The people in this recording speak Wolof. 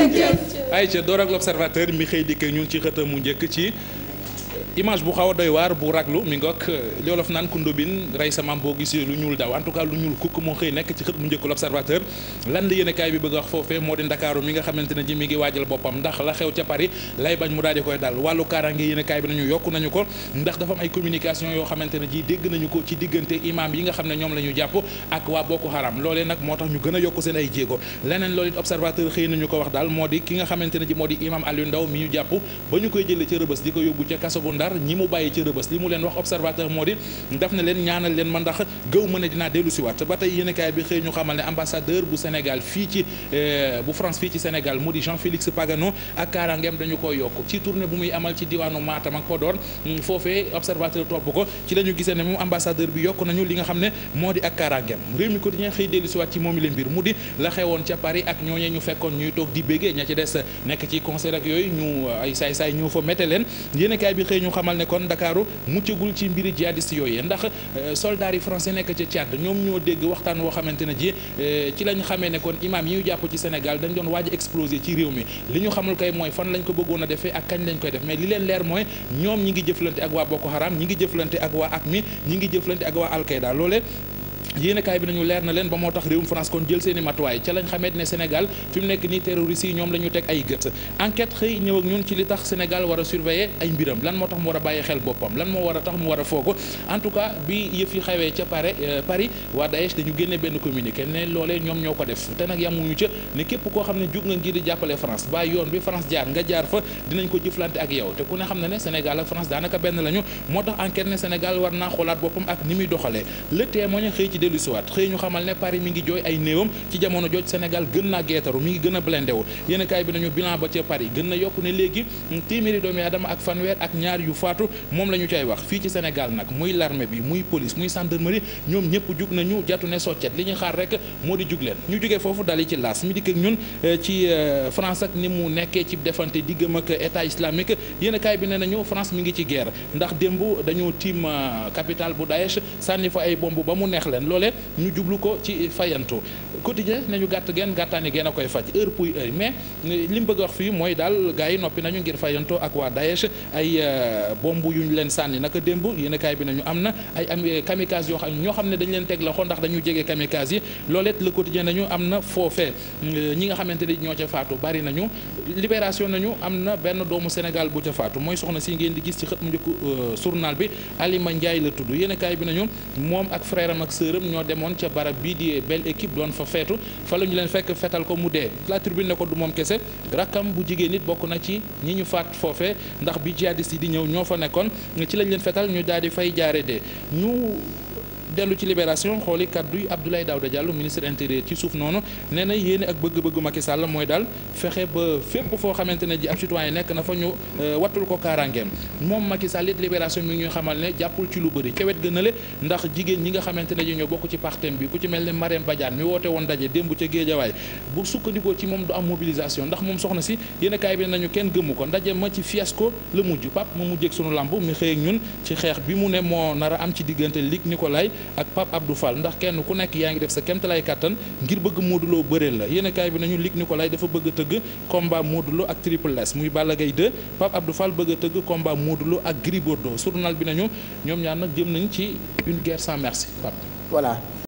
jërëjëf ay ca door ak l'observateur mi xëy dikke ñun ci xëtam mu njëkk ci image bu xaw a waar bu raglu mi euh, boo gisee lu ñuul daw en tout cas lu ñuul kukk moo xëy nekk ci xët mu njëkk l'observateur lan la yéenekaay bi bëgg wax foofee moo ko ndax dafa am yoo xamante ne ji dégg nañu ko ci diggante imam yi nga xam ne ñoom la ñu jàpp ak waa Boko Haram loolee nag moo tax ñu gën a yokk seen ay jéego leneen loolu it observateur xëy nañu ko wax daal moo di ki nga xamante ne ji moo di imam Aliou Ndao mi ñu jàpp ba ñu koy jëlee ca rëbës di ko yóbbu ca kaso bu ndar ñi mu bàyyi ci rëbës li mu leen wax observateur moo di daf na leen ñaanal leen ma ndax gëw ma ne dinaa dellu si waat ba tey yéenekaay bi xëy ñu xamal ne ambassadeur bu Sénégal fii ci eh, bu France fii ci Sénégal mu di Jean Félix Pagano ak kaaraangeem dañu koy yokk ci tournée bu muy amal ci diwaanu Matam ak Podor mm, foofee observateur topp ko ci la ñu gisee ne moom ambassadeur bi yokk nañu li nga xam ne moo di ak kaaraangeem réew mi quotidien moom i leen mbir mu di la xewoon ca ñu fekkoon ñuy toog di béggee ña ci des nekk ak yooyu ñu ay saay fa métte leen yéenekaay xëy ñu xamal ne kon Ndakaaru muccagul ci mbiri jihadiste yooyu ndax euh, soldats yi français nekk ca Tchad ñoom ñoo dégg waxtaan woo xamante ne ji euh, ci lañ xamee ne kon imam yi ñu jàpp ci Sénégal dañ doon waaj exploser ci réew mi li ñu xamul kay mooy fan lañ ko bëggoon a defee ak kañ lañ koy def mais li leen leer mooy ñoom ñi ngi jëflante ak waa bokk Haram ñi ngi jëflante ak waa AQMI ñi ngi jëflante ak waa Al Qaeda loole yéenekaay bi nañu leer na leen ba moo tax réewum France kon jël seen i matuwaay ca lañ xamee ne Sénégal fi mu nekk nii terroristes yi ñoom la teg ay gët enquête xëy ñëw ñun ci li tax Sénégal war a surveiller ay mbiram lan lan moo war a tax mu war a foogu en tout cas bi yëf yi xewee euh, benn communiqué ne loolee ñoom ñoo ko def te nag yamuñu ca ne képp koo xam ne jug nga ngir di jàppale France yoon bi France jaar nga jaar fa dinañ ko jëflante ak yow te xam na ne Sénégal ak France daanaka benn lañu moo tax enquête ne Sénégal war naa xoolaat boppam ak ni muy doxalee le témoin xëy ci dellu siwaat xëy ñu xamal ne Paris mi ngi jooy ay néewam ci jamono jooj Sénégal gën na geetaru mi ngi gën a blindé wu yéen bi nañu bilan ba ca Paris gën na yokku ne léegi téeméeri doomi aadama ak fanweer ak ñaar yu faatu moom la ñu cay wax fii ci Sénégal nag muy l'armée bi muy police muy gendarmerie ñoom ñëpp jug nañu jatu ne soccet li ñu xaar rek moo di jug leen ñu jógee foofu dali ci laas mi dikk ak ñun eh, ci eh, France ak ni mu nekkee ci defante diggam ak état islamique yéen bi ne nañu France mi ngi ci guerre ndax démb dañoo tiim eh, capitale bu Daesh sànni fa ay bomb ba mu neex leen leen loolee ñu jublu ko ci fayantu quotidien nañu gàtt geen gàttaani geen a koy faj heure puy heure mais euh, li mu bëgg wax fii mooy daal gars yi noppi nañu ngir fayanto ak waa Daesh ay euh, bomb yu ñu leen sànni naka démb yéen kaay bi nañu am na ay am euh, kamikaze yoo xam ñoo xam ne dañ leen teg loxo ndax dañu jege kamikaze yi loolee le quotidien nañu am na foofee ñi nga xamante ni ñoo ca faatu bari nañu libération nañu am na benn doomu Sénégal bu ca faatu mooy soxna si ngeen di gis ci xët mu njëkk journal bi Alima Ndiaye la tudd yéen bi nañu moom ak frère ak sœur heure ñoo demoon ca barab bii di belle équipe doon fa feetu fa la ñu leen fekk fetal ko mu dee la tribune ne ko du moom kese rakkam bu jigéen nit bokk na ci ñi ñu faat foofe ndax bi jaar yi di ñëw ñoo fa nekkoon ci lañ leen fetal ñu daal di fay jaare dee ñu dellu ci libération xooli kadduy Abdoulaye Daouda Diallo ministre intérieur ci suuf noonu nee na yéene ak bëgg-bëggu Macky mooy daal fexe ba fépp foo xamante ne ji ab citoyen nekk na fa ñu euh, wattul ko kaaraangeem moom Macky Sall it libération mi ñuy xamal ne jàppul ci lu bëri ca wet gënale ndax jigéen ñi nga xamante ne ji ñoo bokk ci partem bi ku ci mel ne Marème Badiane mi woote woon daje démb ca Géejawaay bu sukkandikoo ci moom du am mobilisation ndax moom soxna si yéen a kaay nañu kenn gëmu ko ndaje ma ci fiasco la mujj pap mu mujjee sunu lamb mi xëy ak ci xeex bi mu ne moo nar am ci diggante Luc Nicolaï ak Pape Abdou Fall ndax kenn ku nekk yaa ngi def sa kéemtalaay kàttan ngir bëgg moduloo Lo bëreel la yéen a kaay bi nañu Luc dafa bëgg a tëgg combat Modou Lo ak Triple S muy Balla Gaye 2 Pape Abdou Fall bëgg a tëgg combat Modou ak Gris Bordeaux journal bi nañu ñoom ñaar nag jëm nañu ci une guerre sans merci Pape voilà